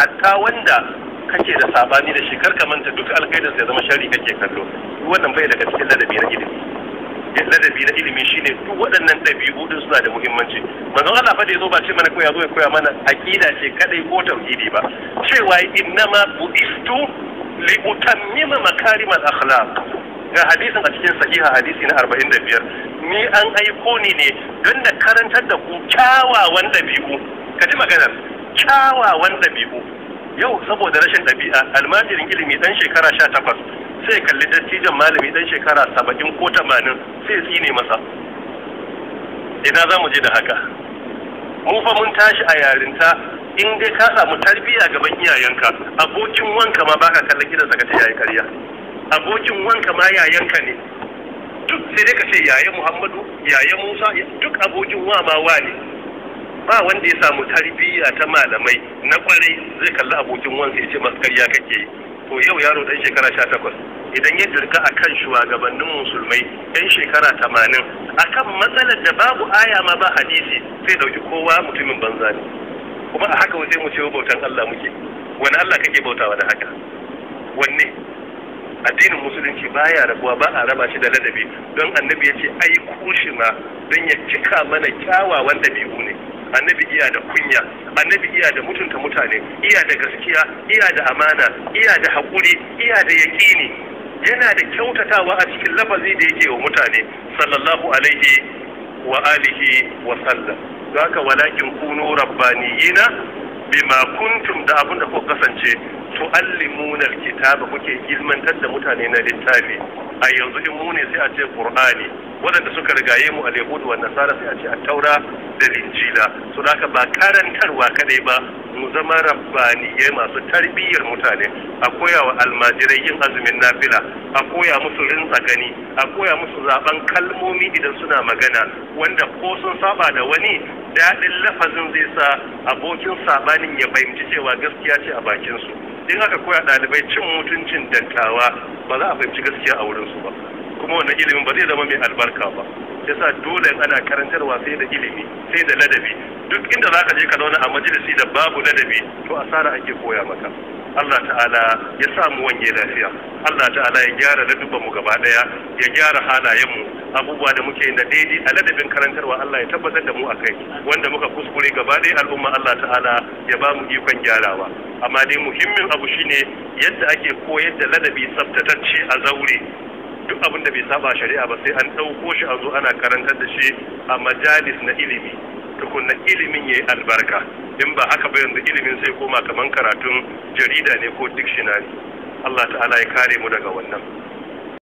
hatta wanda kake da sabani da shi karka manta duk alkhairin sai zama shari kake kallo wannan bai daga cikin ladabi na ilimi eh, ladabi na ilimi shine duk waɗannan ɗabi'u din suna da muhimmanci manzon Allah fa da yazo ba ce mana ko ya zo ya koya mana aqida ce kadai ko tauhidi ba cewa innama bu'istu li utammima makarimal akhlaq ga hadisin a cikin sahiha hadisi na 45 ni an aiko ni ne don da karantar da ku kyawawan ɗabi'u ka ji maganar kyawawan ɗabi'u yau saboda rashin ɗabi'a almajirin ilimi ɗan shekara sha takwas sai kalli dattijan malami ɗan shekara saba'in ko tamanin sai tsine masa ina za mu je da haka mu fa mun tashi a yarinta in dai ka samu tarbiyya gaban iyayenka abokin wanka ma baka kallon gidansa ka ce yayi karya abokin wanka ma yayanka ne duk sai dai ka ce yayan muhammadu yayan musa duk abokin wa ma wa ne ba wanda ya samu tarbiyya ta malamai na kwarai zai kalli abokin wansa ya ce masa karya kake yi to yau yaro dan shekara sha takwas idan ya dirka a kan shugabannin musulmai yan shekara tamanin akan matsalar da babu aya ma ba hadisi sai dauki kowa mutumin banza ne kuma a haka sai mu ce bautan Allah muke wani Allah kake bautawa da haka wanne addinin musulunci baya rabuwa ba a raba shi da ladabi don annabi ya ce ai kushi ma don ya cika mana kyawawan dabi'u ne annabi iya da kunya annabi iya da mutunta mutane iya da gaskiya iya da amana iya da haƙuri iya da yaƙini yana da kyautatawa a cikin lafazi da yake wa mutane sallallahu alaihi wa alihi wa sallam haka walakin kunu rabbaniyina bima kuntum da abin da kuka kasance allimunar kitaba kuke ilmantar da mutane na littafi a yanzu in mu ne sai a ce qur'ani waɗanda suka rigaye mu a yahudu wa nasara sai a ce a taura da linjila so da haka ba karantarwa kaɗai ba mu zama rabbaniyai masu tarbiyyar mutane a koya wa almajirai yin azumin nafila a koya musu rinsa gani a koya musu zaben kalmomi idan suna magana wanda ko sun saba da wani daɗin lafazin zai sa abokin sabanin ya fahimci cewa gaskiya ce a bakinsu in aka koya ɗalibai cin mutuncin dattawa ba za a fahimci gaskiya a wurinsu ba kuma wannan ilimin ba zai zama mai albarka ba yasa dole ana karantarwa sai da ilimi sai da ladabi duk inda za ka je ka zauna a majalisi da babu ladabi to asara ake koya maka Allah ta'ala ya samu wanye lafiya Allah ta'ala ya gyara ladubban mu gaba daya ya gyara halayen mu abubuwa da muke da daidai a ladabin karantarwa Allah ya tabbatar da mu a kai wanda muka kuskure gaba daya al'umma Allah ta'ala ya ba mu ikon gyarawa amma dai muhimmin abu shine yadda ake koyar da ladabi tsaftatacce a zaure duk abin da bai saba shari'a ba sai an ɗauko shi a zo ana karantar da shi a majalis na ilimi tukunna ilimin ya yi albarka in ba haka ba yanzu ilimin sai koma kamar karatun jarida ne ko dictionary Allah ta'ala ya kare mu daga wannan